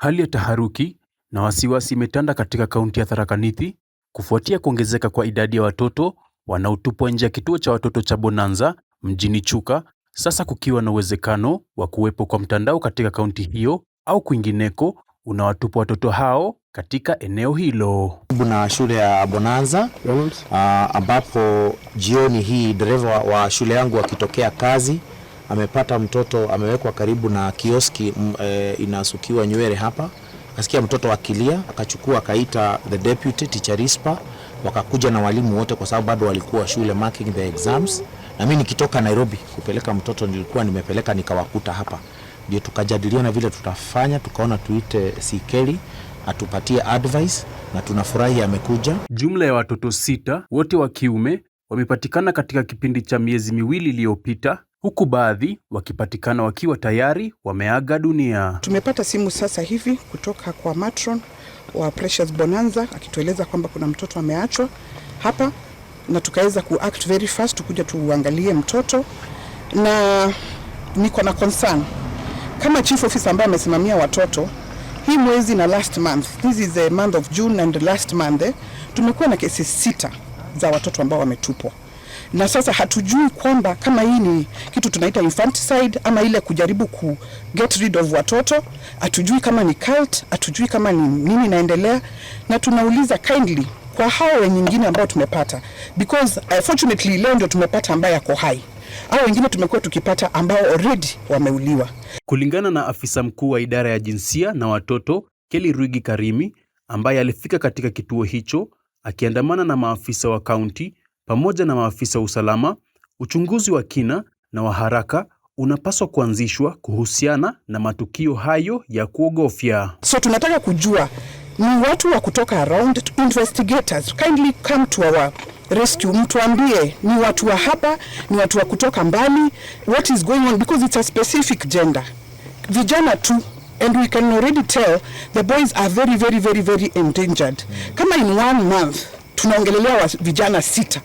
Hali ya taharuki na wasiwasi imetanda katika kaunti ya Tharaka Nithi kufuatia kuongezeka kwa idadi ya watoto wanaotupwa nje ya kituo cha watoto cha Bonanza mjini Chuka, sasa kukiwa na uwezekano wa kuwepo kwa mtandao katika kaunti hiyo au kwingineko unawatupa watoto hao katika eneo hilo na shule ya Bonanza uh, ambapo jioni hii dereva wa shule yangu akitokea kazi amepata mtoto amewekwa karibu na kioski m, e, inasukiwa nywele hapa. Kasikia mtoto akilia, akachukua akaita the deputy teacher RISPA, wakakuja na walimu wote, kwa sababu bado walikuwa shule marking the exams. Na mimi nikitoka Nairobi kupeleka mtoto nilikuwa nimepeleka, nikawakuta hapa, ndio tukajadiliana vile tutafanya, tukaona tuite Sikeli atupatie advice na tunafurahi amekuja. Jumla ya watoto sita wote wa kiume wamepatikana katika kipindi cha miezi miwili iliyopita huku baadhi wakipatikana wakiwa tayari wameaga dunia. Tumepata simu sasa hivi kutoka kwa matron wa Precious Bonanza akitueleza kwamba kuna mtoto ameachwa hapa, na tukaweza kuact very fast tukuja tuangalie mtoto, na niko na concern kama chief officer ambaye amesimamia watoto hii mwezi na last month, this is the month of June and last month eh, tumekuwa na kesi sita za watoto ambao wametupwa na sasa hatujui kwamba kama hii ni kitu tunaita infanticide ama ile kujaribu ku get rid of watoto. Hatujui kama ni cult, hatujui kama ni nini inaendelea, na tunauliza kindly kwa hao wengine ambao tumepata because uh, fortunately leo ndio tumepata ambaye yako hai au wengine tumekuwa tukipata ambao already wameuliwa. Kulingana na afisa mkuu wa idara ya jinsia na watoto Kelly Rwigi Karimi ambaye alifika katika kituo hicho akiandamana na maafisa wa kaunti pamoja na maafisa wa usalama, uchunguzi wa kina na wa haraka unapaswa kuanzishwa kuhusiana na matukio hayo ya kuogofya. So tunataka kujua ni watu wa kutoka around, investigators kindly come to our rescue, mtuambie ni watu wa hapa, ni watu wa kutoka mbali, what is going on because it's a specific gender, vijana tu and we can already tell the boys are very very very very endangered kama in one month tunaongelelea vijana sita.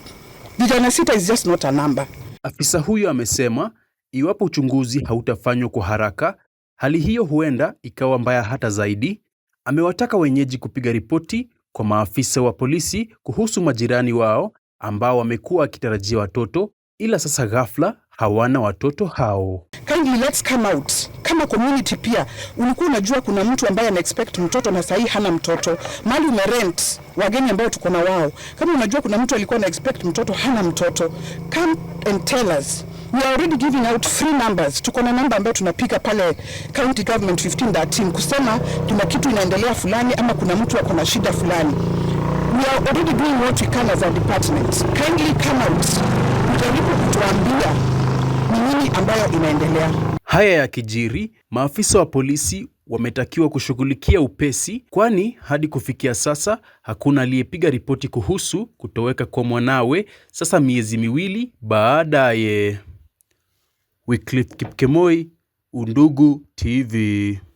Vijana sita is just not a number. Afisa huyo amesema iwapo uchunguzi hautafanywa kwa haraka, hali hiyo huenda ikawa mbaya hata zaidi. Amewataka wenyeji kupiga ripoti kwa maafisa wa polisi kuhusu majirani wao ambao wamekuwa wakitarajia watoto ila sasa ghafla hawana watoto hao. Kindly let's come out kama community. Pia ulikuwa unajua kuna mtu ambaye ana expect mtoto na sahii hana mtoto, mali ume rent wageni ambao tuko na wao. Kama unajua kuna mtu alikuwa ana expect mtoto hana mtoto, come and tell us. We are already giving out free numbers. Tuko na namba ambayo tunapika pale county government 1513 kusema kuna kitu inaendelea fulani ama kuna mtu ako na shida fulani. We are already doing what we can as a department. Kindly come out. Mjaribu kutuambia tathmini ambayo inaendelea. Haya kijiri, maafisa wa polisi wametakiwa kushughulikia upesi, kwani hadi kufikia sasa hakuna aliyepiga ripoti kuhusu kutoweka kwa mwanawe, sasa miezi miwili baadaye. Wycliffe Kipkemoi, Undugu TV.